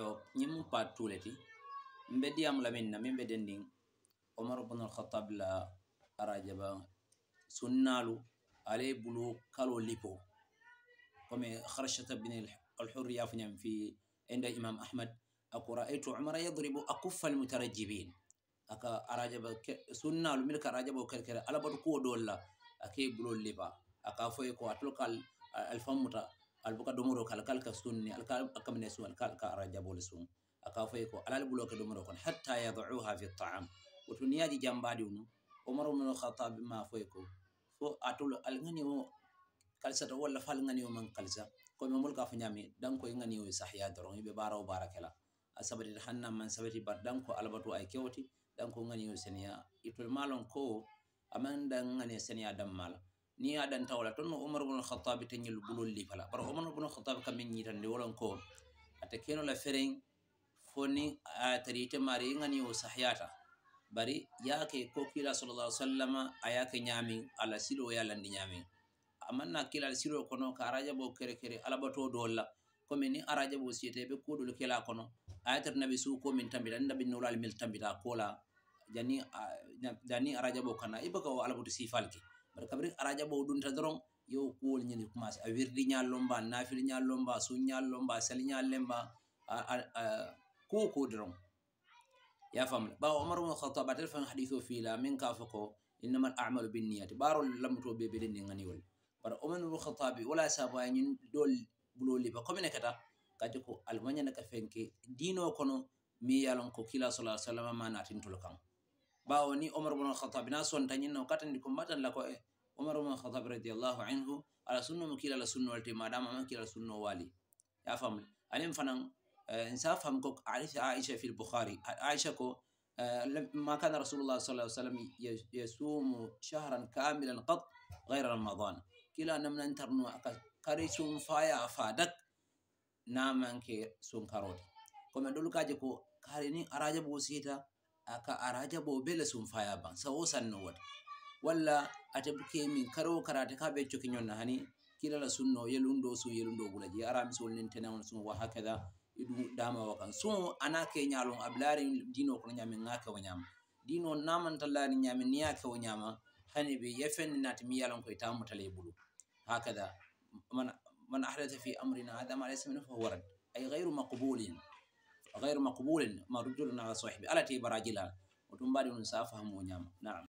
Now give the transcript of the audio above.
yo ñiŋ mu paat tuu le ti m be diyaamu la miŋ na miŋ be dendiŋ omar bnu alkhatab la arajaba sunnaalu ala ye bulu kalo lipo komi harchata bin alhur yaafu ñam fi inda imam ahmad ako raaytu umara yadribu akuffa almutarajibin aka arajaba sunnaalu mil ka arajabao kelkele ala batu kuwo dool la akeye buloolu lipa aka foye ko atolu ka alfamuta albuka domoro ka alkal ka sunni akamne sun alkal ka ara jabol sun aka fayi ko alal buloke domoro kon hatta yadauha fi taam woto niyaji jambaɗi unu omar umnuno khatabe ma foyi ko fo atol al gani o kalisata walla fa al gani o man kalisa komi molka fo ñami danko e gani o sahya doron yiɓe ɓara o barakela a sabati hannan man sabati bat danko albatu ay kewti danko gani o seniya itol malon ko aman dan gani seniya dammala ni aɗan tawla toon no oumar bun khatabe teñol bulol li fala bara oumar bun khatabe kamɓe ñitan nde wolon ko ata kenola fereng foni a tarite mari gani o sahyata bari yaake ko kila salalah ali sallam a yaake ñamin ala siɗo o yalandi ñamin amanna kila ala siɗo kono ka arajaɓo kere kere alaɓato dolla komi ni arajaɓo siyeteɓe kuɗol kela kono ayatar naɓi suko min tambita naɓi nolal mil tambita kola jani jani arajaɓo kana ibaga o alaɓato sifalke bare kabri ara jaɓoo ɗumta doron yo kuwol ñani commencé a wirdi ñal lomba nafil ñal lomba suñ ñal lomba sali ñal lemba kuwo ko doron ya famle ɓawa omar mo xatta ɓatel fan hadiso fiila min ka fo ko innama l amalu bin niyati ɓaro lamtoo ɓe ɓeɗen ni ganiwol bare omar mo xattaɓe wala sabo a ñin ɗo ɓulo liba commune kata kadi ko almañanaka fenke diino kono mi yalon ko kila sala sallam ma natintol kan باو ني عمر بن الخطاب ناس ونتني نو كاتن ديكم باتن لكو إيه. عمر بن الخطاب رضي الله عنه على سنو مكيل على سنو التي ما دام مكيل على والي يا فهم أنا فنان آه، إنصاف هم كوك عائشة عائشة في البخاري عائشة كو آه، ما كان رسول الله صلى الله عليه وسلم يصوم شهرا كاملا قط غير رمضان كلا نمنا انترنا كريسون فايا فادك نامن كي سون كارود كما دولو كاجكو كاريني أراجب وسيتا aka araja boobela sun faya ban o sanno wata walla ata buke min karo karata ka be yonna hani kilala sunno yelundo su yelundo gulaji aramisol nin tenewon sun wa da idu dama wa kan sun ana ke ñalon abilari dino ko ñamin ngaka kewo ñama dino tallani ñamin niya kewo ñama hani be yefen nati mi yalon itamu tale bulu hakada man man ahdatha fi amrina hadha ma laysa minhu fahuwa rad ay ghayru maqbulin غير مقبول مردود على صاحبي على تي براجلا وتم بعد نسافه مو نعم